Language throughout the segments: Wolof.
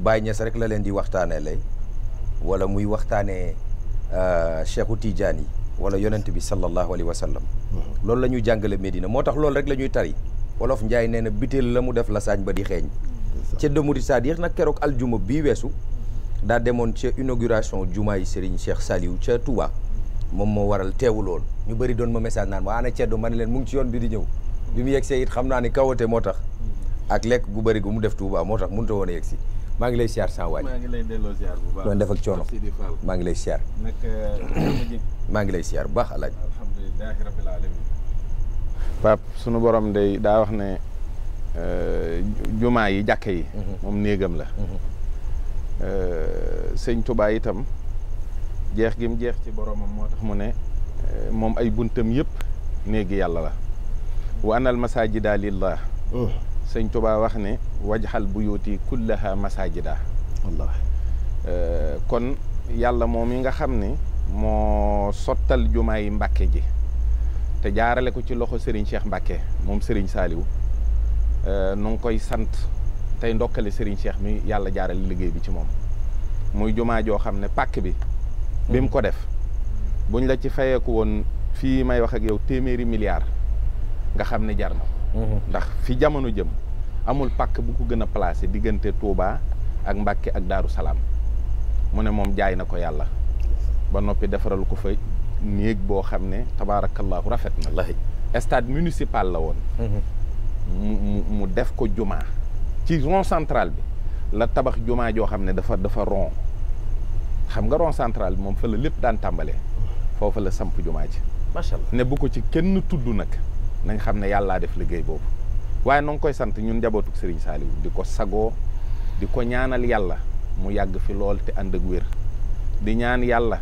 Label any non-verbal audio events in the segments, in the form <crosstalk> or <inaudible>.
Baye Niass rek la leen di waxtaanee lay wala muy waxtaanee euh, Cheikhu tiijaan yi wala yonent bi sallallahu alayhi wa sallam mm-hmm. loolu la ñuy jàngale Medina moo tax loolu rek la ñuy tari wolof Njaay nee na bitéel la mu def la saañ ba di xeeñ ca demudi saadix nag keroog aljuma bi weesu mm-hmm. daa demoon ca inauguration jumaa yi Serigne Cheikh Saliou ca Touba moom moo waral teewu lool ñu bari doon ma message naan ma ana ceddo ma ne leen mu ngi ci yoon bi di ñëw bi mu yegsee xam naa ni kawate moo tax mm-hmm. ak lekk gu bëri gu mu def Touba moo tax mënut a woon a yegsi maa ngi lay siyaar sans waaj. maa ngi lay delloo siyaar bu baax. doon def ak coono maa ngi lay siyaar. nag euh, maa ngi lay siyaar bu baax alaaj. alhamdulilah sunu borom de daa wax ne euh, jumaa yi jàkka yi. Mhm. moom néegam la. Mhm. Euh, sëñ Touba itam jeex gi mu jeex ci boromam moo tax mu ne moom ay buntam yépp néegi yàlla la. wa anal masaajida lillah oh. sëñ Tuubaa wax ne wajxal buyuti kullaha masajida wallah euh, kon yàlla moom yi nga xam ni moo sottal jumaa yi mbakke ji te jaarale ko ci loxo Serigne Cheikh mbakke moom Serigne Saaliw euh, nu ngi koy sant tey ndokkale Serigne Cheikh mi yàlla jaarale liggéey bi ci moom muy jumaa joo xam ne pakk bi bi ko def buñ la ci fayeeku woon fii may wax yow téeméeri milliard nga xam ne jar na Mhm. ndax fi jamono jëm amul pàkk bu ko gën a placé diggante Touba ak Mbàkke ak Daaru Salaam mu ne moom jaay na ko yàlla ba noppi defaral ko fa néeg boo xam ne tabaarakallaahu rafet na stade municipal la woon mhm. mu def ko jumaa ci rond central bi la tabax jumaa joo xam ne dafa dafa ron xam nga ron central bi moom fa la lépp daan tàmbalee mhm. foofa la samp jumaa ji macha allah ne bu ko ci kenn tudd nag nañ xam ne yàllaa def liggéey boobu waaye noo koy sant ñun njabootuk sëriñ Saaliw di ko sagoo di ko ñaanal yàlla mu yàgg fi lool te ànd ak wér di ñaan yàlla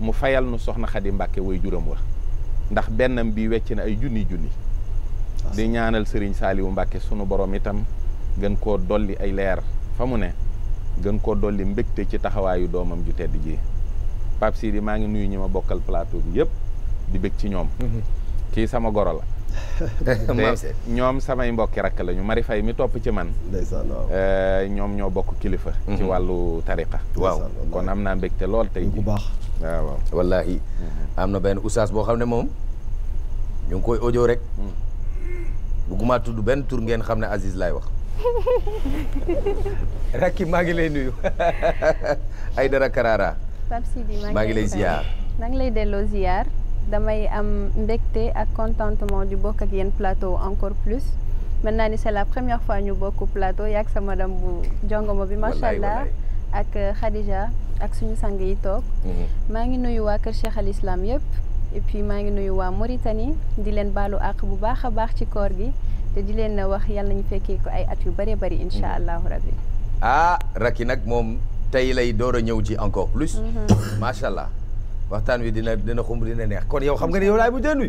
mu fayal nu soxna Xadi Mbàkke way juram wa ndax bennam bi wecc na ay junni junni di ñaanal sëriñ Saaliwu Mbàkke sunu borom itam gën koo dolli ay leer fa mu ne gën koo dolli mbégte ci taxawaayu doomam ju tedd ji Pape Sidi maa ngi nuyu ñu ma bokkal plateau bi yëpp di bég ci ñoom mm-hmm. kii sama goro la <laughs> ñoom samay mbokki rakk lañu mari fay mi topp ci man. ndeysaan eh, ñoom ñoo bokk kilifa. ci mhm. wàllu tariqa. waaw kon am naa te lool tey. bu baax waaw waaw. Mhm. am na benn oustaz boo xam ne moom ñu ngi koy audio rek. Mhm. bëgguma tudd benn tur ngeen xam ne Aziz laay wax. <laughs> rakki maa ngi lay nuyu. <laughs> Aïdara Karara. Pape maa ngi lay ziar damay am mbégte ak contentement di bokk ak yéen plateau encore plus mën naa ni c'est la première fois ñu bokk plateau yaag sama dam bu jongoma bi macha allah ak euh, Khadija ak suñu sang yi toog mhm. maa ngi nuyu waa kër Cheikh al Islam yëpp et puis maa ngi nuyu waa Mauritanie di leen baalu àq bu baax a baax ci koor bi te di leen wax yàlla nañu fekkee ko ay at yu bëree bëri incha mhm. allahu rabbi ah Racky nag moom tey lay door a ñëw ci encore plus mhm. macha allah waxtaan wi dina dina xumb dina neex kon yow xam nga ne yow laay mu jënd wi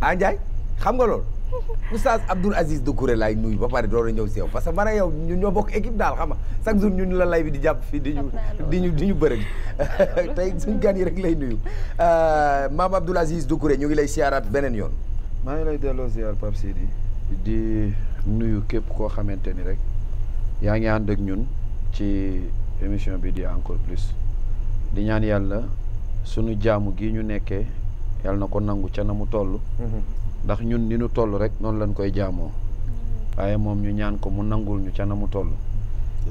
ah Ndiaye xam nga loolu Oustaz Abdoul Aziz Doucouré laay nuyu ba pare door a ñëw si yow parce que man ak yow ñu ñoo bokk équipe daal xam nga chaque jour ñun la lay bi di jàpp fii di ñu di ñu di ñu bërëg <laughs> tey suñ gan yi rek lay nuyu euh, maam Abdoul Aziz Doucouré ñu ngi lay siyaaraat beneen yoon. maa ngi lay delloo ziar Pape Sidi di nuyu képp koo xamante ni rek yaa ngi ànd ak ñun ci émission bi di encore plus. di ñaan yàlla sunu jaamu gi ñu nekkee yàlla na ko nangu ca na mu toll mhm. ndax ñun ni ñu toll rek noonu lañ koy jaamoo waaye moom ñu ñaan ko mu nangul ñu ca na mu toll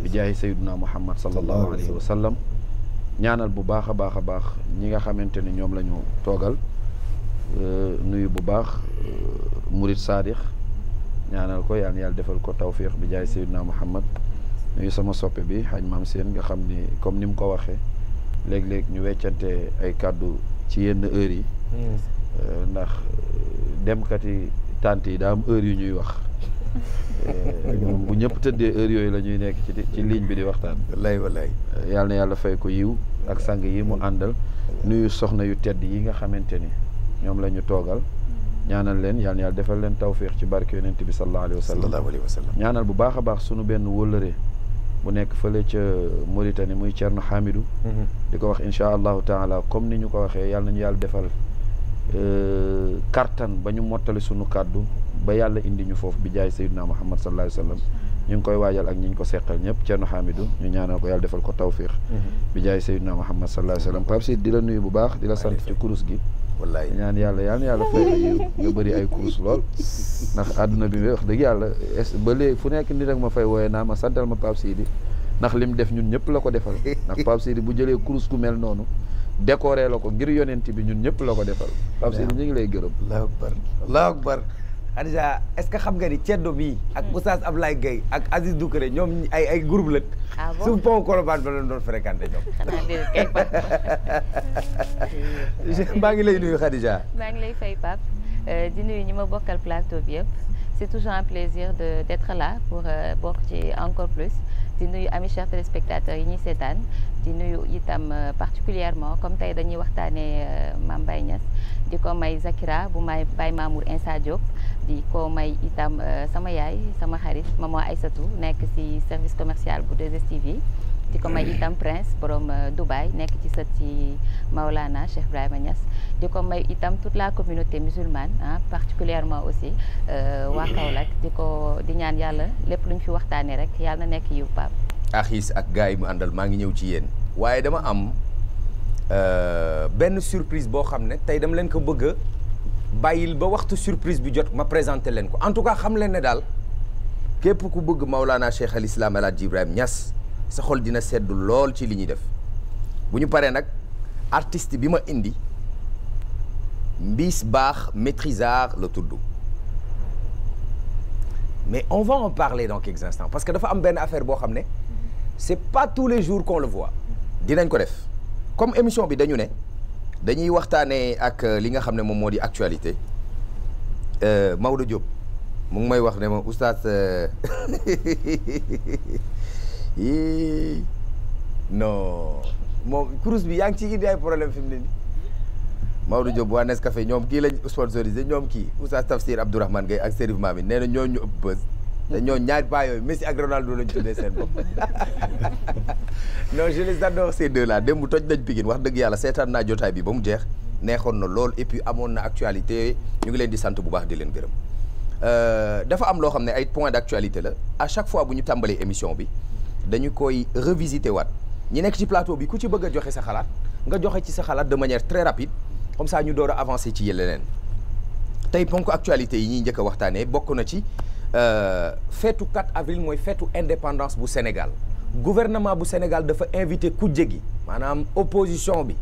bi jaayi sayyiduna muhammad sallallahu alayhi sallam ñaanal bu baax a baax a baax ñi nga xamante ni ñoom la ñu toogal euh, nuyu bu baax euh, murid saadix ñaanal ko yaan yàlla defal ko tawfiq bi jaay sayyidina muhammad nuyu sama soppe bi xaj maam seen nga xam ni comme ni mu ko waxee léegi léeg ñu weccante ay kàddu ci yenn heure yi. Euh, ndax euh, demkat yi tànt yi daam am heure yu ñuy wax. ñoom euh, bu ñëpp tëddee heure yooyu la ñuy nekk ci ci ligne bi di waxtaan. wallaay wallaay. yàlla na yàlla fay ko yiw ak sang yi mu àndal. nuyu soxna yu tedd yi nga xamante ni ñoom la ñu toogal. ñaanal leen yàlla na yàlla defal leen tawféex ci barke yonent bi sallallahu alayhi wa sallam. ñaanal bu baax a baax sunu benn wóllëre. bu nekk fële ca Mauritanie muy Thierno Hamidou mhm. di ko wax incha allahu taala comme ni ñu ko waxee yàlla ñu yàlla defal euh, kartan ba ñu mottali sunu kàddu ba yàlla indi ñu foofu bi jaay sayyidina Muhammad sallallahu alayhi wa sallam ñu ngi koy waajal ak ñu ñu ko seqal ñëpp Thierno Hamidou ñu ñaanal ko yàlla defal ko tawfiq mhm. bi jaay sayyidina Muhammad sallallahu alayhi wa sallam Pape Sidi di la nuyu bu baax di la sant ci kurus gi wallaay ñaan yàlla yal na yàlla fay nga bëri ay course lool ndax àdduna bi wax dëgg yàlla ba léegi fu nekk ni rek ma fay wooye naa ma santal ma Pape Sidi ndax lim def ñun ñëpp la ko defal ndax Pape Sidi bu jëlee course ku mel noonu décoré la ko ngir yonent bi ñun ñëpp la ko defal Pape Sidi ñu ngi lay gërëm allahu akbar allahu akbar Adja est-ce que xam nga ni ceddo bii. ak hmm. Oustaz Ablaye Gueye ak Aziz Doucouré ñoom ay ay groupe la. ah bon su pont Colobane ba doon fréquenté ñoom. <laughs> xanaa <laughs> maa ngi lay nuyu Khadija. maa ngi lay fay Pape euh, di nuyu ñi ma bokkal plateau bi yëpp c'est toujours un plaisir de d'être là pour euh, bokk ci encore plus di nuyu ami chers téléspectateurs yi ñuy seetaan di nuyu itam euh, particulièrement comme tey dañuy waxtaanee euh, Mame Mbaye Niass di ko may Zakira bu may bay Mamour Insa di ko may itam euh, sama yaay sama xarit ay Aïssatou nekk ci service commercial bu 2STV di ko may itam prince borom Dubaï nekk ci sët ci Maolana Cheikh Ibrahima Niass di ko may itam toute la communauté musulmane ah particulièrement aussi waa Kaolack di ko di ñaan yàlla lépp lu ñu fi waxtaanee rek yàlla na nekk yiw Pape axis ak gars yi mu àndal maa ngi ñëw ci yéen waaye dama am euh, benn surprise boo xam ne tey dama leen ko bëgg a bàyyil ba waxtu surprise bi jot ma présenter leen ko en tout cas xam leen ne daal képp ku bëgg Maulana Cheikh al Islam El Hadj Ibrahim ñas sa xol dina sedd lool ci li ñuy def bu ñu paree nag artist bi ma indi Mbis Baax Maîtrisard la tudd mais on va en parler dans quelques instants parce que dafa am benn affaire boo xam ne. c'est pas tous les jours qu'on le voit. dinañ ko def comme émission bi dañu ne dañuy waxtaanee ak euh, li nga xam ne moom moo di actualité euh, Maodo Diop mu ngi may wax ne ma oustaz euh, <laughs> non moom cruise bi yaa ngi ciy indi ay problème fi mu ne nii Maodo Diop waa Nescafé ñoom kii lañ sponsorisé ñoom kii oustaz Tafsir Abdourahmane Gueye ak Serif Mamine nee na ñoo ñu ëpp bës. te ñoo ñaari paa yooyu Messi ak Ronaldo lañ tuddee seen bopp non je les adore ces la dem mu toj nañ Pikine wax dëgg yàlla seetaan naa jotaay bi ba mu jeex neexoon na lool et puis amoon na actualité ñu ngi leen di sant bu baax di leen gërëm euh, dafa am loo xam ne ay point d'actualité la à chaque fois bu ñu tàmbalee émission bi dañu koy revisiter waat ñi nekk ci plateau bi ku ci bëgg a joxe sa xalaat nga joxe ci sa xalaat de manière très rapide comme ça ñu door a ci leneen tey ponk actualité yi ñuy njëkk waxtaanee bokk na ci Euh, feetu 4 avril mooy feetu indépendance bu Sénégal gouvernement bu Sénégal dafa invité kujje gi maanaam opposition bi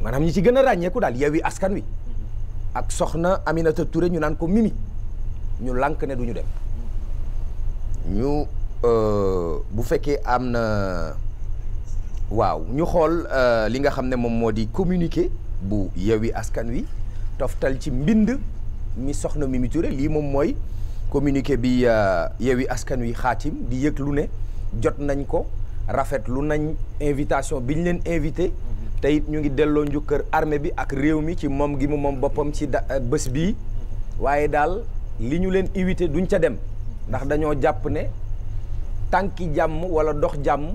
maanaam ñi ci gën a ràññeeku daal Yewwi Askan Wi ak soxna Aminata Touré ñu naan ko Mimi ñu lànk ne du ñu dem ñu euh, bu fekkee am na waaw ñu xool euh, li nga xam ne moom moo di communiqué bu Yewwi Askan Wi toftal ci mbind mi soxna Mimi Touré lii moom mooy communiqué bi euh, Yewwi Askan Wi xaatim di yëg lu ne jot nañ ko rafet lu nañ invitation bi ñu leen invité mhm. te ñu ngi delloo njukkër armée bi ak réew mi ci moom gi mu moom boppam ci da euh, bés bii waaye daal li ñu leen invité duñ ca dem ndax dañoo jàpp ne tànki jàmm wala dox jàmm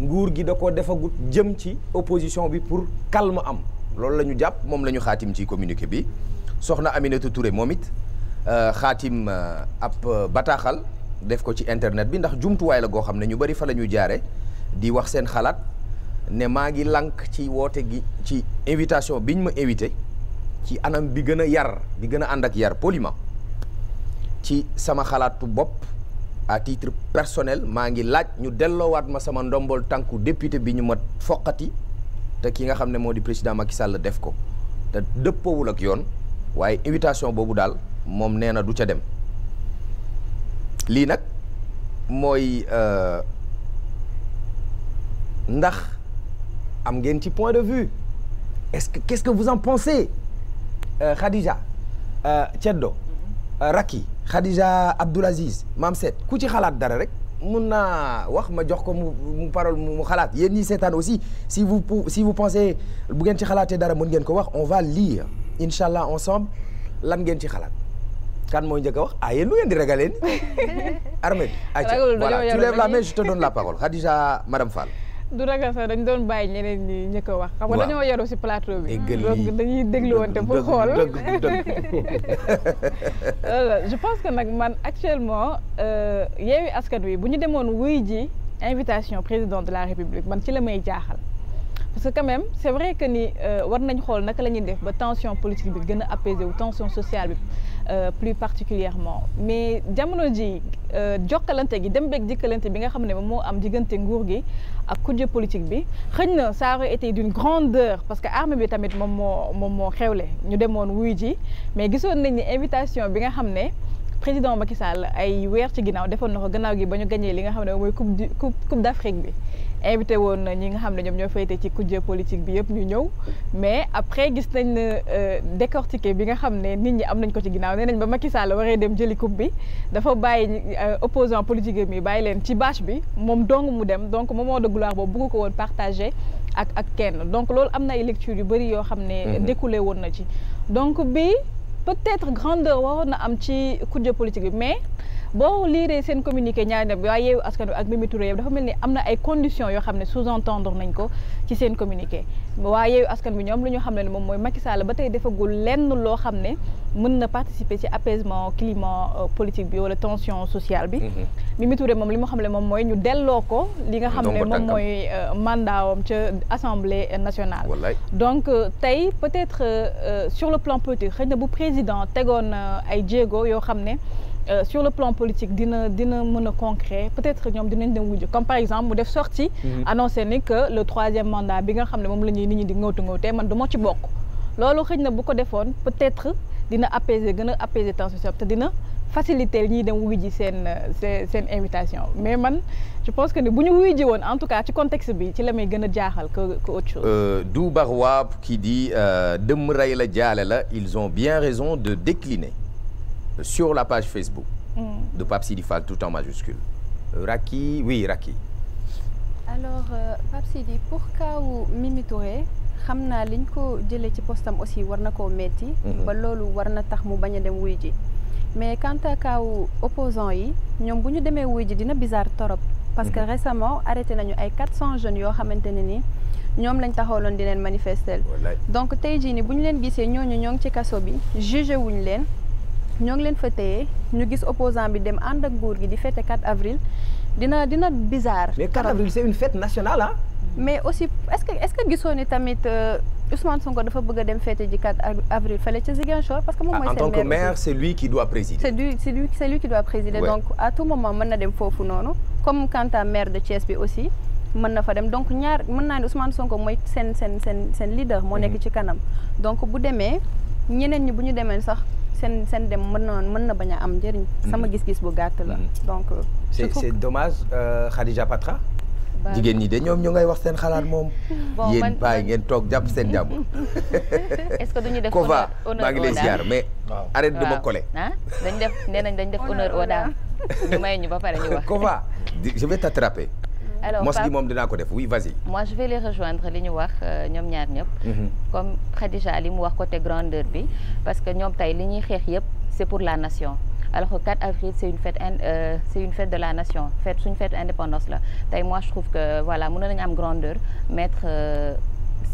nguur gi da ko defagut jëm ci opposition bi pour calme am loolu la ñu jàpp moom la ñu xaatim ci communiqué bi soxna Aminata Touré moom it xaatim euh, euh, ab euh, bataaxal def ko ci internet bi ndax jumtuwaay la goo xam ne ñu bari fa la ñuy jaare di wax seen xalaat ne maa ngi lank ci woote gi ci invitation biñ ma invité ci anam bi gën a yar bi gën a ànd ak yar poliment ci sama xalaatu bopp à titre personnel maa ngi laaj ñu delloowaat ma sama ndombol tànku député bi ñu ma foqati te ki nga xam ne moo di président Macky Sall def ko te dëppoowul ak yoon waaye invitation boobu daal moom nee na du ca dem lii nag mooy euh, ndax am ngeen ci point de vue est-ce que qu'est-ce que vous en pensez euh, Khadija Ceddo euh, mm-hmm. Raki Khadija Abdoulaziz Mam Seet ku ci xalaat dara rek mun naa wax ma jox ko mu mu parole mu xalaat yéen ñi seetaan aussi si vous si vous pensez bu ngeen ci xalaatee dara mën ngeen ko wax on va lire incha allah ensemble lan ngeen ci xalaat kan mooy njëkk wax ah yéen nu ngeen di régalé nii. <laughs> Armé voilà tu lèves la main je te la parole <laughs> Khadija madame Fall. du ragal sax dañ doon bàyyi ñeneen ñi ñëkk wax. xam nga dañoo yaru si plateau bi. donc dañuy dégluwante pour xool. <laughs> je pense que nag man actuellement euh, Yewwi askat Wi bu ñu demoon wuy ji invitation président de la République man ci la may jaaxal. parce que quand même c'est vrai que ni euh, war nañ xool naka la ñuy def ba tension politique bi gën a apaisé bi. Euh, plus particulièrement mais jamono ji euh, jokkalante gi dem beeg jikkalante bi nga xam ne moom moo am diggante nguur gi ak kujje politique bi xëñ na ça aurait été d'une grandeur parce que armée bi tamit moom moo moom moo xewle ñu demoon wuy ji mais gisoon nañ ni invitation bi nga xam ne président Macky Sall ay weer ci ginnaaw defoon na ko gannaaw gi ba ñu gagné li nga xam ne mooy coupe coupe coupe d'Afrique bi invité woon na ñi nga xam ne ñoom ñoo féete ci kujje politique bi yëpp ñu ñëw mais après gis nañ ne euh, décortiqué bi nga xam ne nit ñi am nañ ko ci ginnaaw nee nañ ba Macky Sall waree dem jëli coupe bi dafa bàyyi euh, opposant politique mi bàyyi leen ci bâche bi moom dong mu dem donc moom moment de gloire boobu bugg ko woon partagé ak ak kenn donc loolu am na ay lecture yu bëri yoo xam ne mhm. découlé woon na ci donc bi peut-être grandeur woon na am ci kujje politique mais boo liiree seen communiqué ñaari bi waaye yeewu askan wi ak Mimi Touré dafa mel ni am na ay condition yoo xam ne sous-entendre nañ ko ci seen communiqué waaye yeewu askan bi ñoom lu ñu xam ne moom mooy Macky ba tey defagul lenn loo xam ne mën na participer ci apaisement climat euh, politique bi wala tension sociale bi. Mhm. Mimi Touré moom li mu xam ne moom mooy ñu delloo ko. li nga xam ne moom mooy euh, mandaawam ca assemblée nationale. donc euh, tey peut-être sur le plan politique na bu président tegoon ay jéego yoo xam ne. Euh, sur le plan politique dina dina mën a concret peut-être ñoom dinañ dem wujj comme par exemple mu def sortie mhm. annoncé ni que le troisième mandat bi nga xam ne moom la ñuy nit ñu di ngawtu ngawtee man du ma ci bokk loolu xëy na bu ko defoon peut-être dina apaiser gën a apaiser tension sociale te dina faciliter ñiy dem wuy ji seen seen invitation mais man je pense que ne bu ñu wuy ji woon en tout cas ci contexte bi ci la may gën a jaaxal que que autre chose. Euh, Dou Barwaab qui dit euh, dem rey la jaale la ils ont bien de décliner. sur la page Facebook de Pape Sidi Fall tout en majuscule euh, Raki oui Raki alors euh, Pape pour kaawu Mimi xam naa liñ ko jëlee ci postam aussi war na koo metti mhm. ba loolu war na tax mu bañ a dem wuy ji mais quant à kaawu opposant yi ñoom bu ñu demee wuy ji dina bizarre torop parce que mhm. récemment arrêté nañu ay 400 jeunes yoo xamante ne ni ñoom lañ loon di leen manifester donc tey jii ni bu ñu leen gisee ñooñu ñoo ngi ci kaso bi jugé wuñ leen ñoo ngi leen fa teye ñu gis opposant bi dem ànd ak nguur gi di fête 4 avril dina dina bizarre. mais 4 avril c'est une fête nationale mais aussi est-ce que est-ce que gisoo ni tamit euh, Ousmane Sonko dafa bëgg a dem fête ji 4 avril fële ca Ziguinchor parce que moom ah, mooy. seen maire en tant que maire c'est lui qui doit présider. c'est lui qui doit présider. donc à tout moment mën na dem foofu noonu comme quant à de Thiès bi aussi. mën na fa dem donc ñaar mën naa ne Ousmane Sonko mooy seen seen seen seen leader. moo mhm. nekk ci kanam donc bu demee ñeneen ñi bu ñu demee sax. seen seen dem mën na mën na bañ a am njëriñ. Mm-hmm. sama gis-gis bu gàtt la mm-hmm. donc. Euh, c'est domage dommage euh, Khadija Patra. jigéen ñi de ñoom ñu ngay wax seen xalaat moom. <laughs> bon yéen bàyyi ngeen toog jàpp seen jàmm. <laughs> est-ce que duñu def honneur aux dames maa ngi lay ziar mais. arrête de ma coller. Ah, dañ def nee nañ dañ def honneur aux dames ñu may ñu ba pare ñu <laughs> wax. Kova je vais t'attraper. alors mos gi moom ko def oui vas-y. moi je vais rejoindre li ñu wax euh, ñoom ñaar ñëpp. Mhm. comme Khadija li mu wax côté grandeur bi parce que ñoom tey li ñuy xeex yëpp c'est pour la nation. alors que 4 avril c'est une fête euh, c'est une fête de la nation fête suñu fête indépendance la tey moi je trouve que voilà mënoon nañu am grandeur mettre. Euh,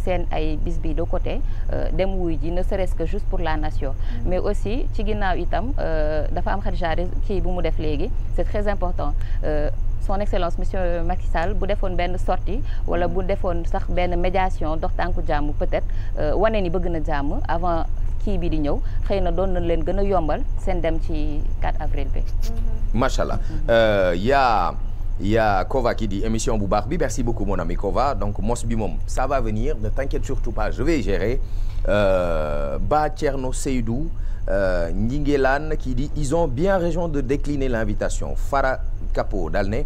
seen ay bis bi de côté euh, dem wuy ji ne serait-ce que juste pour la nation mm. mais aussi ci ginnaaw itam euh, dafa am xarija kii bu mu def léegi c'est très important euh, son excellence monsieur Macky bu defoon benn sorti wala bu mm. defoon sax benn médiation dox tànku jàmm peut-être wane ni bëgg na jàmm avant kii bi di ñëw xëy na doon nañ leen gën a yombal seen dem ci 4 avril bi mm-hmm. macha mm-hmm. yaa y'a Kova qui dit émission bu baax bi merci beaucoup mon ami Kova donc mos bi moom ça va venir ne t'inquiète surtout pas je vais gérer euh, Ba Thierno Seydou euh, Ndingelane qui dit ils ont bien raison de décliner l'invitation Fara Capo daal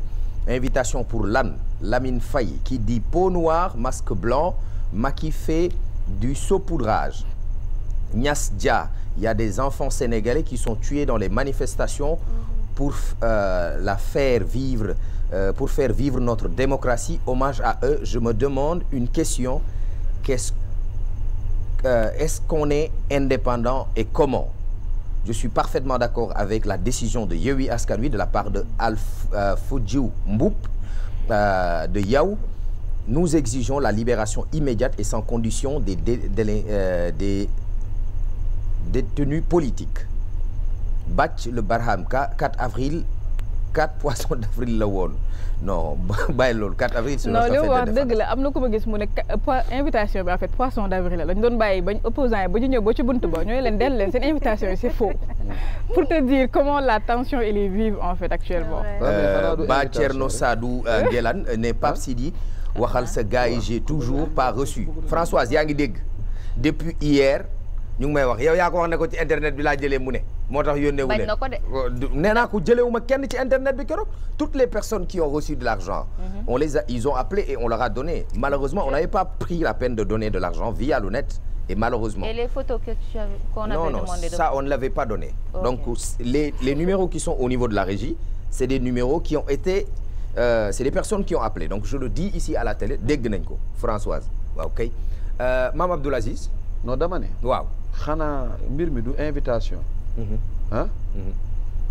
invitation pour l'an Lamine Faye qui dit peau noire masque blanc Macky fait du saupoudrage Niass Dia il y a des enfants sénégalais qui sont tués dans les manifestations pour euh, la faire vivre, euh, pour faire vivre notre démocratie. Hommage à eux, je me demande une question. Qu'est-ce euh, est-ce qu'on est indépendant et comment Je suis parfaitement d'accord avec la décision de Yewi Askanui de la part de Al-Fudjiu euh, Mboup euh, de Yao. Nous exigeons la libération immédiate et sans condition des, dé, des, euh, des détenus politiques. bàcc le barham 4 avril 4 <laughs> poissons d'avril la woon non <laughs> bàyyi loolu 4 avril. non li mu wax dëgg la am na ku ma gis mu ne invitation bi en fait poisson d'avril la lañ doon bàyyi bañ opposant yi ba ñu ñëw ba ci bunt ba ñooy leen dellu leen seen invitation yi c'est faux mm. pour te dire comment la tension elle est vive en fait actuellement. Euh, ba Thierno Sadou euh, Ngelan euh, ne Pape Sidi waxal sa gars yi j'ai toujours pas reçu Françoise yaa ngi dégg depuis hier. ñu ngi may wax yow yaa ko wax ne ko ci internet bi laa jëlee mu ne moo tax yónnee wu leen oh, nee naa ko jëlewu ma kenn ci internet bi keroog toutes les personnes qui ont reçu de l'argent mm -hmm. on les a ils ont appelé et on leur a donné malheureusement on n'avait pas pris la peine de donner de l'argent via le net et malheureusement et les photos que tu avais qu'on avait demandé non non ça on ne l'avait pas donné okay. donc les les numéros qui sont au niveau de la régie c'est des numéros qui ont été euh, c'est des personnes qui ont appelé donc je le dis ici à la télé dégg nañ ko Françoise waaw kay euh, Mame Abdoul Aziz non dama ne waaw xanaa mbir mi du invitation. ah.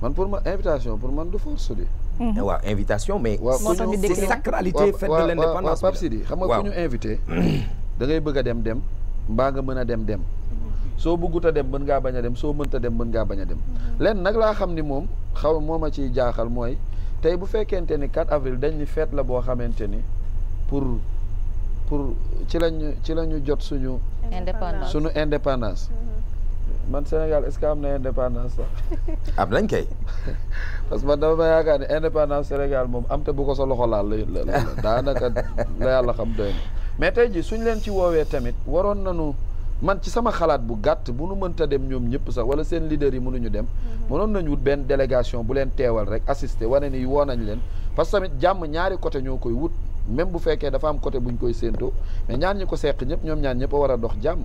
man pour ma invitation pour man du force di. Mhm. Eh waaw invitation mais. moo tax ñu c'est sacralité xam nga ku ñu invité. da ngay bëgg a dem dem mbaa nga mën a dem dem. soo bëggut a dem mën ngaa bañ a dem soo mënta dem mën ngaa bañ a dem. lenn nag laa xam ni moom xaw moom a ciy jaaxal mooy tey bu fekkente ni 4 avril dañ ni fête la boo xamante ni pour. pour ci lañu ci la ñu jot suñu. indépendance suñu independance mm-hmm. man Sénégal est-ce que am na indépendance sax. <laughs> am nañ kay. <laughs> parce que man dama yaakaar ni indépendance Sénégal moom am te bu ko sa loxo laal la la daanaka la yàlla xam doy na mais tey jii suñ leen ci woowee tamit waroon nañu man ci sama xalaat bu gàtt bu nu mënta dem ñoom ñëpp sax wala seen leader yi mënuñu dem. Mm-hmm. mënoon nañu wut benn délégation bu leen teewal rek assister wane nii woo nañ leen parce que tamit jàmm ñaari côté ñoo koy wut. même bu fekkee dafa am côté bu ñu koy séentoo mais ñaar ñi ko seq ñëpp ñoom ñaan ñëpp a war a dox jàmm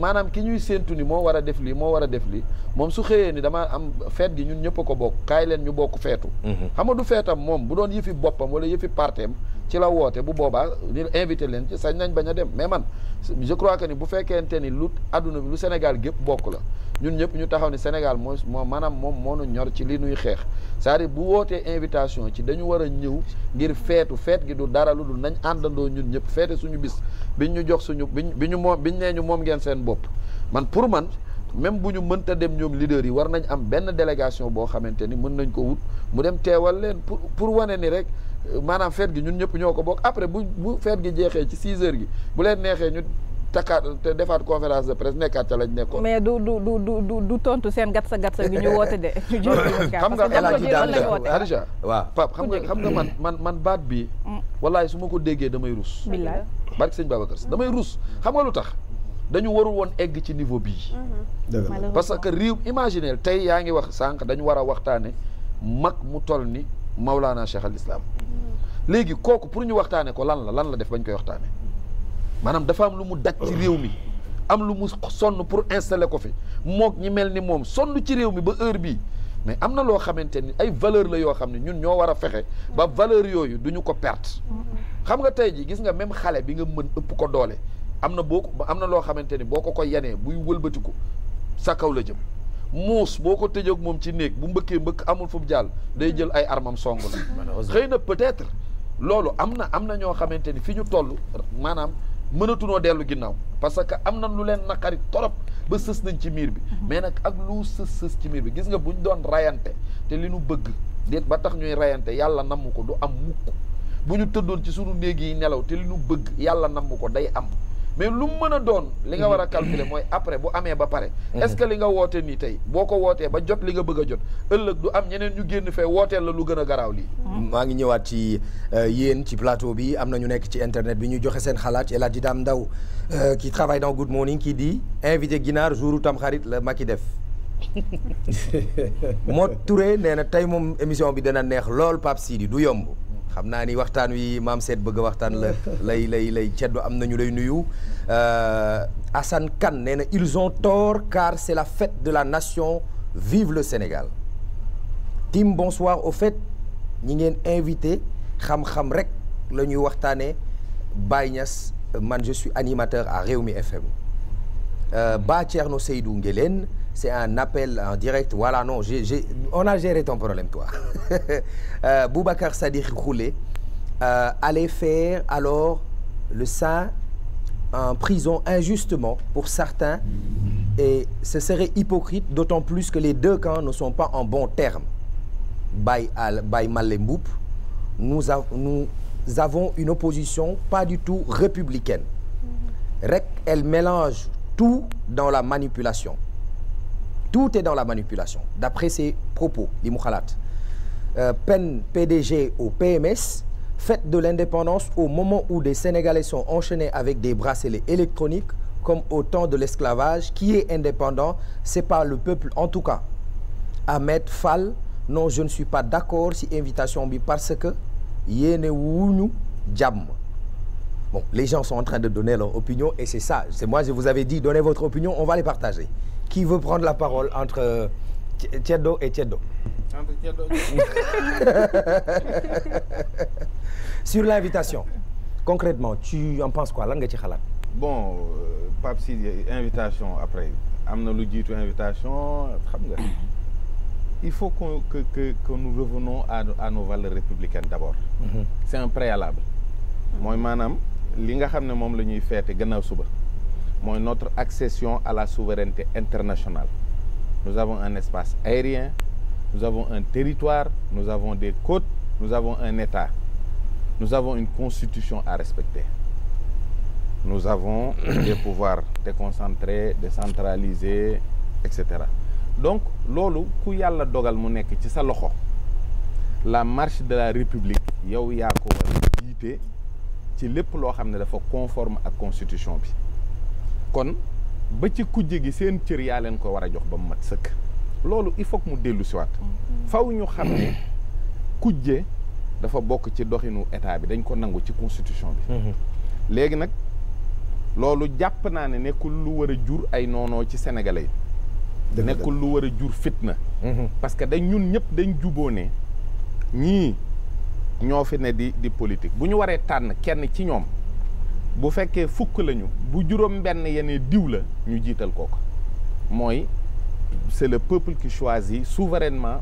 maanaam ki ñuy séentu ni moo war a def lii moo war a def lii moom su xëyee ni dama am feet gi ñun ñëpp ko bokk kaay leen ñu bokk feetu mhm. xam nga du feetam moom bu doon yëfi boppam wala yëfi parteem ci la woote bu boobaa ñu invité leen sañ nañ bañ a dem mais man je crois que ni bu fekkente ni lu àdduna bi lu Sénégal gépp bokk la ñun ñëpp ñu taxaw ni Sénégal moo moo maanaam moom moo nu ñor ci li nuy xeex cest à bu wootee invitation ci dañu war a ñëw ngir feetu feet gi du dara lu dul nañ àndandoo ñun ñëpp feete suñu bis bi ñu jox suñu biñ bi ñu moom biñ nee ñu moom ngeen seen bopp man pour man même bu ñu mënta dem ñoom lider yi war nañ am benn délégation boo xamante ni mën nañ ko wut mu dem teewal leen pour pour wane ni rek maanaam feet gi ñun ñëpp ñoo ko bokk après bu bu feet gi jeexee ci six heures gi bu leen neexee ñu takkaat te defaat conférence de presse nekkaat ca lañ nekkoon. mais du du du du du tontu seen gatsa gatsa gi ñu woote de. <laughs> ñu xam nga El Hadj Daara waaw xam nga xam man man baat bi. Mm. wallaay su ma ko déggee damay ruus. billaay barke sëñ Babacar damay ruus xam nga lu tax. dañu warul woon egg ci niveau bii. Mm-hmm. parce que réew imaginel tey yaa ngi wax sànq dañu war a waxtaane mag mu toll ni Mawlana Cheikh al Islam léegi kooku pour ñu waxtaanee ko lan la lan la def bañ koy waxtaanee maanaam dafa am lu mu daj ci réew mi am lu mu sonn pour installer ko fi moog ñi mel ni moom sonn ci réew mi ba heure bii mais am na loo xamante ni ay valeur la yoo xam ne ñun ñoo war a fexe ba valeur yooyu du ñu ko perte xam nga tey ji gis nga même xale bi nga mën ëpp ko doole am na boo ko am na loo xamante ni boo ko ko yenee buy wëlbatiku sa kaw la jëm muus boo ko tëjoog moom ci néeg bu mbëkkee mbëkk amul fu mu jàll day jël ay armam song la xëy na peut-être loolu am na am na ñoo xamante ni fi ñu toll maanaam mënatunoo dellu ginnaaw parce que am na lu leen naqari torop ba sës nañ ci miir bi mhm. mais nag ak lu sës sës ci miir bi gis nga bu ñu doon rayante te li nu bëgg déet ba tax ñuy rayante yàlla namm ko du am mukk bu ñu tëddoon ci sunu néeg yi nelaw te li ñu bëgg yàlla namm ko day am mais lu mu mën a doon li nga war a calculer mooy après bu amee ba pare mm-hmm. est que li nga woote nii tey boo ko wootee ba jot li nga bëgg a jot ëllëg du am ñeneen ñu génn fee wooteel la lu gën a garaaw lii mm-hmm. maa ngi ñëwaat ci euh, yéen ci plateau bi am na ñu nekk ci internet bi ñu joxe seen xalaat El Hadji Dame Ndaw euh, qui travaille dans Good Morning qui di invité ginaar jouru tam xarit la Macky def <laughs> moo Touré nee na tey moom émission bi dana neex lool Pape Sidi du yomb xam naa ni waxtaan wi maam seet bëgg waxtaan la lay lay lay ceddo am nañu lay nuyu euh, Assane kan nee na ils ont tort car c'est la fête de la nation vive le Sénégal Tim bonsoir au fait ñi ngeen invité xam-xam rek la ñuy waxtaanee Baye Niass man je suis animateur à Rewmi FM euh, Ba Thierno Seydou Ngeleen c'est un appel en direct voilà non j'ai j'ai on a géré ton problème toi <laughs> euh, Boubacar Sadikh Khoulé euh, allait faire alors le saint en prison injustement pour certains et ce serait hypocrite d'autant plus que les deux camps ne sont pas en bons termes Baye al Baye Malé Mboup nous a, nous avons une opposition pas du tout républicaine rek elle mélange tout dans la manipulation tout est dans la manipulation d'après ses propos li mu xalaat euh, peine PDG au PMS fête de l'indépendance au moment où des Sénégalais sont enchaînés avec des bracelets électroniques comme au temps de l'esclavage qui est indépendant c'est pas le peuple en tout cas Ahmed Fall non je ne suis pas d'accord si invitation bi parce que yéene wuñu jàmm bon les gens sont en train de donner leur opinion et c'est ça c'est moi je vous avais dit donnez votre opinion qui veut prendre la parole entre euh, Thieddo et Thieddo entre Thieddo <laughs> sur l'invitation concrètement tu en penses quoi lan nga ci xalaat bon euh, Pape Sidi invitation après am na lu jiitu invitation xam nga il faut que que que nous revenons à à nos valeurs républicaines d'abord mhm. c'est un préalable mooy maanaam li nga xam ne moom la ñuy feete gannaaw suba mooy notre accession à la souveraineté international nous avons un espace aérien nous avons un territoire nous avons des côtes nous avons un État nous avons une constitution à respecter nous avons <coughs> des pouvoirs déconcentrés décentralisés et cetera donc loolu ku yàlla dogal mu nekk ci sa loxo la marche de la république yow yaa ko war a jiite ci lépp loo xam ne dafa conforme ak constitution bi kon ba ci kujje gi seen cër yaa leen ko war a jox ba mu mat sëkk loolu il faut mu dellu siwaat faw ñu xam ne kujje dafa bokk ci doxinu état bi dañ ko nangu ci constitution bi mhm. léegi nag loolu jàpp naa ne nekkul lu war a jur ay noonoo ci sénégalais yi nekkul lu war a jur fitna mhm. parce que dañ ñun ñëpp dañ juboo ne ñii ñoo fi ne di di politique bu ñu waree tànn kenn ci ñoom bu fekkee fukk lañu bu juróom-benn yenee diw la ñu jiital kooku mooy c'est le peuple qui choisit souverainement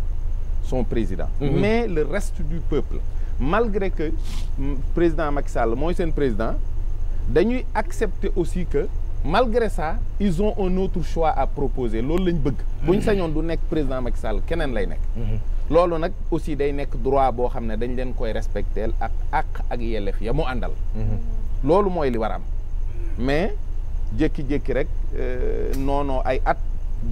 son président. Mm-hmm. mais le reste du peuple malgré que mm, président Macky Sall mooy seen président dañuy accepte aussi que malgré sa ils ont un autre choix à proposer loolu lañ bëgg. buñ mm-hmm. sañoon du nekk président Macky Sall keneen lay nekk. Mm-hmm. loolu nag aussi day nekk droit boo xam ne dañ leen koy respecter ak ak ak yelleef ya mu àndal. loolu mooy li war am mais jékki-jékki rek euh, noonoo ay at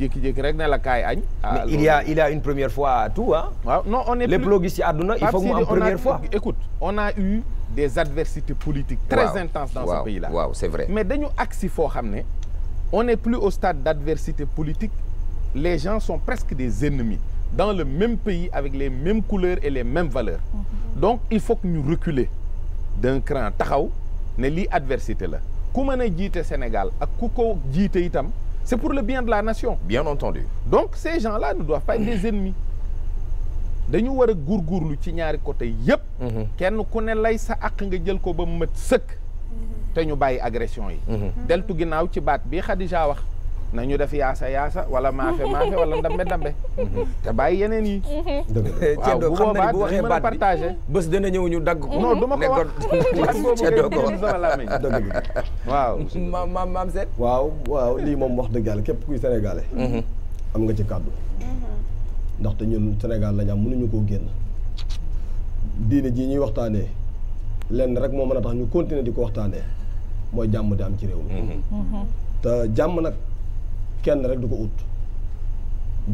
jékki-jékki rek ne la kaay añ. Ah, mais il y a il y a une première fois à tout ah. waaw non on est lépp loo gis ci àdduna il faut mu écoute on a eu des adversités politiques. très intenses dans ce pays là. waaw c'est vrai. mais dañu agsi foo xam ne on n'est plus au stade d'adversité politique les gens sont presque des ennemis dans le même pays avec les mêmes couleurs et les mêmes valeurs mm-hmm. donc il faut que ñu reculer d'un cran taxaw. ne lii adversité la ku mën a jiite Sénégal ak ku ko jiite itam c'est pour le bien de la nation. bien entendu donc ces gens-là ne doivent pas des ennemis dañu war a góorgóorlu ci ñaari côté yépp. Mhm. kenn ku ne lay sa àq nga jël ko ba mët sëkk. Mhm. te ñu bàyyi agression yi. Mhm. deltu ginnaaw ci baat bi Khadija wax. nañu def yaasa yaasa wala maafe maafe wala ndambe ndambe te bàyyi yeneen yi. dëgg la bu boobaa bu waxee baat bi bés dana ñëw ñu dagg ko. non du ma ko wax ceddoo <laughs> ko dëgg waaw maam maam waaw waaw lii moom wax dëgg yàlla képp kuy sénégalais. Mm-hmm. am nga ci kàddu. Mm-hmm. ndaxte ñun Sénégal lañ am mënuñu koo génn. diine jii ñuy waxtaanee lenn rek moo mën a tax ñu continuer di ko waxtaanee mooy jàmm di am ci réew mi. Mm-hmm. te jàmm nag. kenn rek du ko ut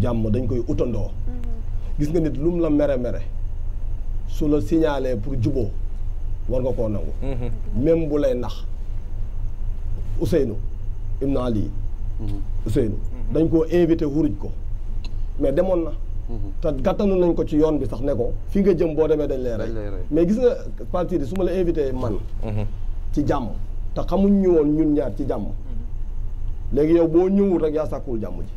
jàmm dañ koy utandoo mm-hmm. gis nga nit lu mu la mere mere su la signalé pour juboo war nga koo nangu mm-hmm. même bu lay nax Ousseynou na Ali mm-hmm. Ousseynou dañ koo invité xuruj ko mais demoon na te gàttanu nañ ko ci yoon bi sax ne ko fi nga jëm boo demee dañ lay rey mais gis nga parti di su ma la invité man ci jàmm te xamuñ ñu woon ñun ñaar ci jàmm léegi yow boo ñëwul rek yaa sàkkuwul jàmm ji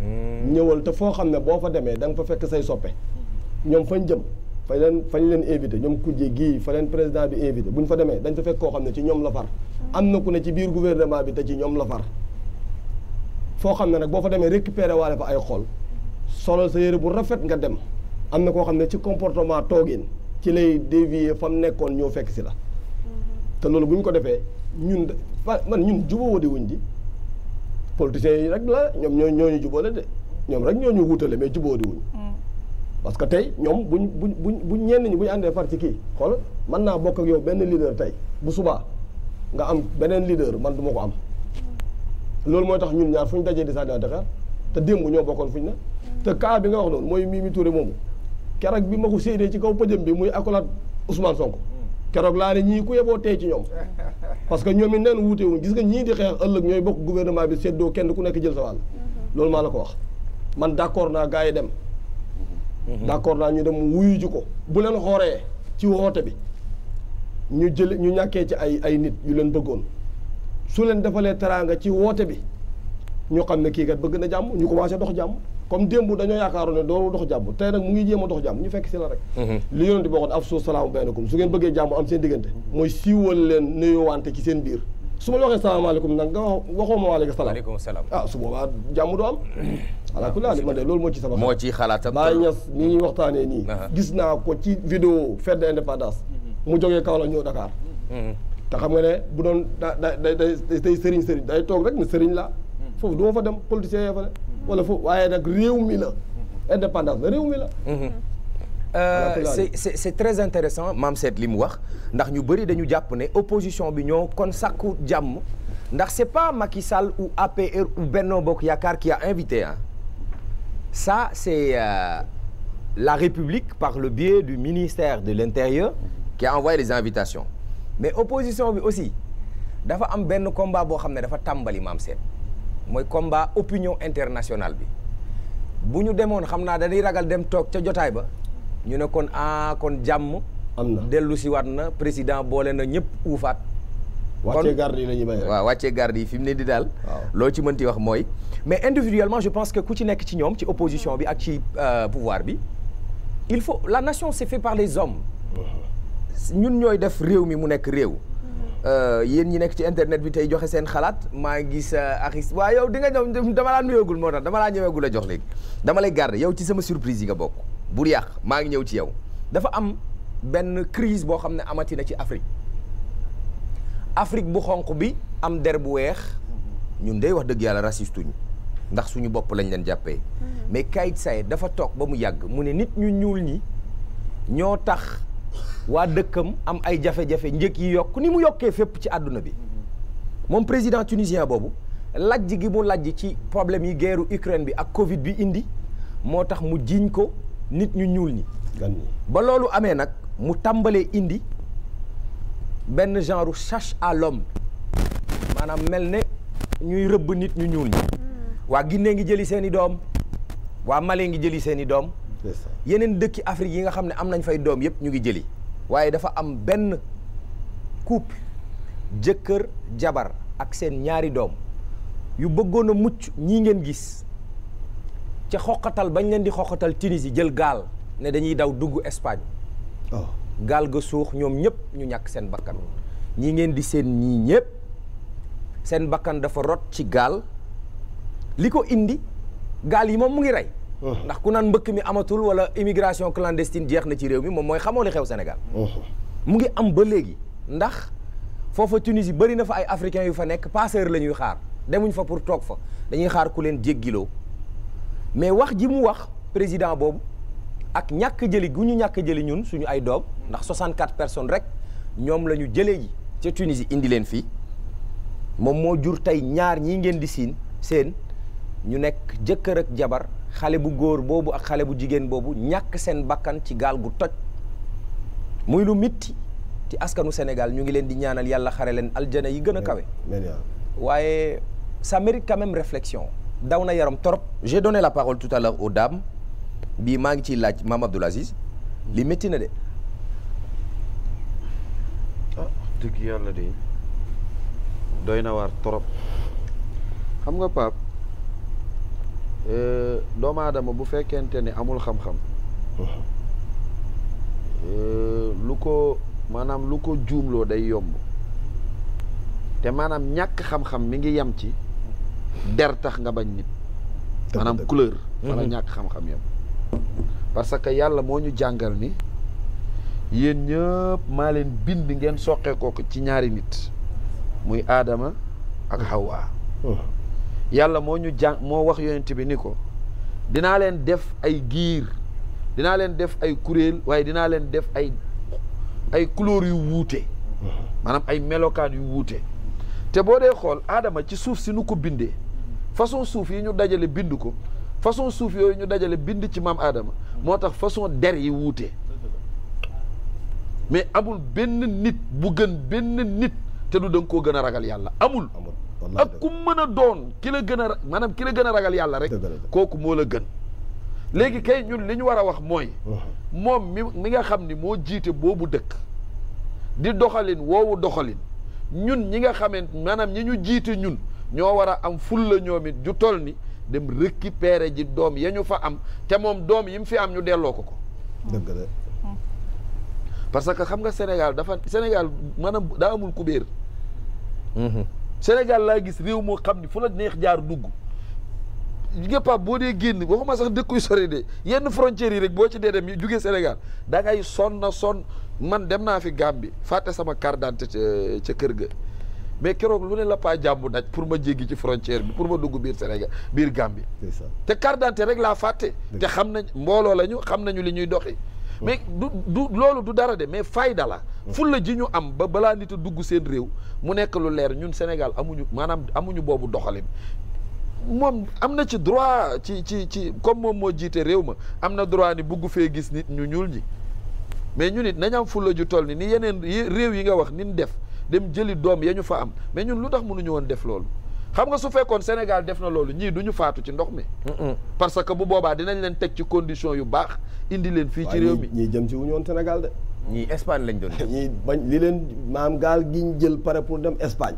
hmm. ñëwal te foo xam ne boo fa demee da nga fa fekk say soppe ñoom fañ jëm fañ leen fañ leen invité ñoom kujje gii fa leen président bi invité bu ñu fa demee dañ fa fekk koo xam ne ci ñoom la far am na ku ne ci biir gouvernement bi te ci ñoom la far foo xam ne nag boo fa demee récupéré waale fa ay xol solo sa yére bu rafet nga dem am na koo xam ne ci comportement toogin ci lay dévier fa mu nekkoon ñëw fekk si la mm-hmm. te loolu bu ñu ko defee ñun fa man ñun jubawoo di wuñ ji politiciens yi rek la ñoom ñoo ñoo ñu jubóole de ñoom rek ñoo ñu wutale mais jubóodi wuñ mm. parce que tey ñoom bu buñ buñ buñ ñenn ñi buñ àndee far ci kii xool mën naa bokk ak yow benn leader tey bu subaa nga am beneen leader man duma ko am mm. loolu mooy tax ñun ñaar fu ñu dajee di sànni Dakar te démb ñoo bokkoon fu ñu ne te cas bi nga wax noonu mooy Mimi Touré moomu keroog bi ma ko séenee ci kaw pëjëm bi muy accolade Ousmane Sonko keroog laa ne ñii ku yeboo tey ci ñoom <laughs> parce que ñoom it neen wuute wuñ gis nga ñii di xeex ëllëg ñooy bokk gouvernement bi seddoo kenn ku nekk jël sa wàll mm-hmm. loolu maa la ko wax man d' accord naa gars yi dem mm-hmm. d' accord naa ñu dem wuyu ji ko bu leen xooree ci woote bi ñu jël ñu ñàkkee ci ay ay nit ñu leen bëggoon su leen defalee teraanga ci woote bi ñu xam ne kii kat bëgg na jàmm ñu ko commencé dox jàmm comme démb dañoo yaakaaroon ne doo dox jàmm tey nag mu ngi jéem a dox jàmm ñu fekk si la rek mhm. li yonente boo xoon af suu salaamu baynakum seen biir su ma la waxee salaamaaleykum nag nga waxoo ma waaleykum salaam waaleykum salaam ah su boobaa jàmm du am <coughs> ala kulli haal man de loolu moo ci sama moo ci xalaatam Baye Niass mi ñuy waxtaanee nii gis naa ko ci vidéo fête de l'indépendance mhm. mu jógee Kaolack ñëw Dakar mhm. te xam nga ne bu doon da da day day sëriñ sëriñ day toog rek ne sëriñ la foofu du ma fa dem politicien yee wala foofu waaye nag réew mi la mm-hmm. indépendance la réew mi la mm-hmm. euh, c'est c'est très intéressant maam seet li mu wax ndax ñu bëri dañu jàpp ne opposition bi ñoo kon sàkku jàmm ndax c'est pas Macky Sall ou APR ou Benno Bokk Yaakaar qui a invité ah ça c'est euh, la République par le biais du ministère de l'Intérieur qui a envoyé les invitations mais opposition bi aussi dafa am benn combat boo xam ne dafa tàmbali maam mooy combat opinion internationale bi bu ñu demoon xam naa dañuy ragal dem toog ca jotaay ba ñu ne kon ah kon jàmm. am dellu si waat na président boole na ñëpp uufaat. kon wàccee garde yi la ñuy waaw wàccee garde yi fi mu ne di daal. loo ci mënti wax mooy. mais individuellement je pense que ku ci nekk ci ñoom ci opposition bi ak ci euh, pouvoir bi il faut la nation c'est fait par les hommes. ñun ñooy def réew mi mu nekk réew. Euh, yéen ñi nekk ci internet bi tey joxe seen xalaat maa ngi gis euh, Aris waaw yow di nga ñëw dama laa nuyoogul moo tax dama laa ñëweegul a jox léegi dama lay garder yow ci sama surprise yi nga bokk bu yàq maa ngi ñëw ci yow dafa am benn crise boo xam ne amati na ci Afrique Afrique bu xonq bi am der bu weex ñun dey wax dëgg yàlla raciste ñu ndax suñu bopp lañ leen jàppee mm-hmm. mais Kayit Saye dafa toog ba mu yàgg mu ne nit ñu ñuul ñi ñoo tax waa dëkkam am ay jafe-jafe njëg yi yokk ni mu yokkee fépp ci àdduna bi moom président tunisien boobu lajj gi mu lajj ci problème yi guerru Ukraine bi ak Covid bi indi moo tax mu jiiñ ko nit ñu ñuul ñi ba loolu amee nag mu tàmbalee indi benn genre chasse à l'homme maanaam mel ne ñuy rëbb nit ñu ñuul ñi hmm. waa Guinée ngi jëli seen i doom waa Mali ngi jëli seen i doom yeneen dëkki Afrique yi nga xam ne am nañ fay doom yëpp ñu ngi jëli waaye dafa am benn couple jëkkër jabar ak seen ñaari doom yu bëggoon a mucc ñi ngeen gis ca xoqatal bañ leen di xoqatal Tunisie jël gaal ne dañuy daw dugg Espagne oh. gaal ga suux ñoom ñëpp ñu ñàkk seen bakkan ñi ngeen di seen ñii ñëpp seen bakkan dafa rot ci gaal li ko indi gaal yi moom mu ngi rey ndax ku naan mbëkk mi amatul wala immigration clandestine jeex na ci réew mi moom mooy xamoo li xew Sénégal. mu ngi am ba léegi ndax foofa Tunisie bëri na fa ay africains yu fa nekk passeur la ñuy xaar demuñ fa pour toog fa dañuy xaar ku leen jéggiloo mais wax ji mu wax président boobu ak ñàkk jëli gu ñu ñàkk jëli ñun suñu ay doom ndax 64 personnes rek ñoom la ñu jëlee ji ca Tunisie indi leen fii moom moo jur tey ñaar ñii ngeen di siin seen ñu nekk jëkkër ak jabar. xale bu góor boobu ak xale bu jigéen boobu ñàkk seen bakkan ci gaal gu toj muy lu mitti ci askanu Sénégal ñu ngi leen di ñaanal yàlla xare leen aljana yi gën a kawe waaye ça mérite quand même réflexion daw na yaram torop j'ai donné la parole tout à l'heure aux dames bii maa ngi ciy laaj Mame Abdoul Aziz li métti na de ah dëgg yàlla de doy na waar torop xam nga Pape Euh, doomu aadama bu fekkente ni amul xam-xam euh, lu ko maanaam lu ko juumloo day yomb te maanaam ñàkk xam-xam mi ngi yem ci der tax nga bañ nit maanaam couleur wala mm-hmm. ñàkk xam-xam yem parce que yàlla moo ñu jàngal ni yéen ñëpp maa leen bind ngeen soqee ko ci ñaari nit muy aadama ak xawaa mm-hmm. yàlla moo ñu jàng moo wax yonent bi ni ko dinaa leen def ay giir dinaa leen def ay kuréel waaye dinaa leen def ay ay couleur yu wuute maanaam ay melokaan yu wuute te boo dee xool aadama ci suuf si nu ko bindee façon suuf yi ñu dajale bind ko façon suuf yooyu ñu dajale bind ci maam aadama moo tax façon der yi wuute mais amul benn nit bu gën benn nit te du da koo gën a ragal yàlla amul ak ku mën a doon ki la gën a maanaam ki la gën a ragal yàlla rek kooku moo la gën léegi kay ñun li ñu war a wax mooy uh-huh. moom mi mi nga xam ni moo jiite boobu dëkk di doxalin woowu doxalin ñun ñi nga xamante maanaam ñi ñu jiite ñun ñoo war a am fulla ñoomi it ju toll ni dem récupérer ji doom ya ñu fa am te moom doom yi mu fi am ñu delloo ko ko parce que xam nga Sénégal dafa Sénégal maanaam daa amul kubéer mm-hmm. Sénégal laa gis réew moo xam ni fu la neex jaar dugg nga Pape boo dee génn waxuma sax dëkkuy sori de yenn frontières yi rek boo ci dee dem jugee Sénégal da ngay sonn na sonn man dem naa fi Gambie fàtte sama carte d'identité euh, ca kër ga mais keroog lu ne la paa jàmbu daj pour ma jéggi ci frontière bi pour ma dugg biir Sénégal biir Gambie te carte d'identité rek laa fàtte te xam nañ mbooloo la ñu xam nañu li ñuy doxi mais du du loolu du dara de mais fayda la fulla ji ñu am ba balaa nit a dugg seen réew mu nekk lu leer ñun Sénégal amuñu maanaam amuñu boobu doxalin moom am na ci droit ci ci ci comme moom moo jiite réew ma am na droit ni bugg fee gis nit ñu ñuul ñi mais ñun it nañ am fulla ju toll ni ni yeneen réew yi nga wax ni def dem jëli doom ya ñu fa am mais ñun lu tax mënuñu woon def loolu xam nga su fekkoon Sénégal def na loolu ñii du ñu faatu ci ndox mi. parce que bu boobaa dinañ leen teg ci condition yu baax indi leen. fii ci réew mi ñii jëm ci woon Sénégal ñii Espagne lañ doon <laughs> ñii bañ li leen maam gaal gi ñu jël pare pour dem Espagne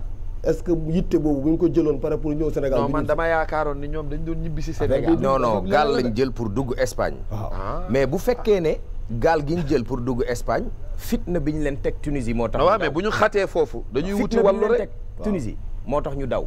es ce que yitte boobu bu ñu ko jëloon pare pour ñëw Sénégal. non man dama yaakaaroon ni ñoom dañ doon ñibbi si Sénégal. non non gaal lañ jël pour dugg Espagne. Ah. mais bu fekkee ne gaal gi ñu jël pour dugg Espagne fitna bi ñu leen teg Tunisie moo tax. waaw mais bu ñu xatee foofu. dañuy wuti wàllu rek fitna bi ñu moo tax ñu daw.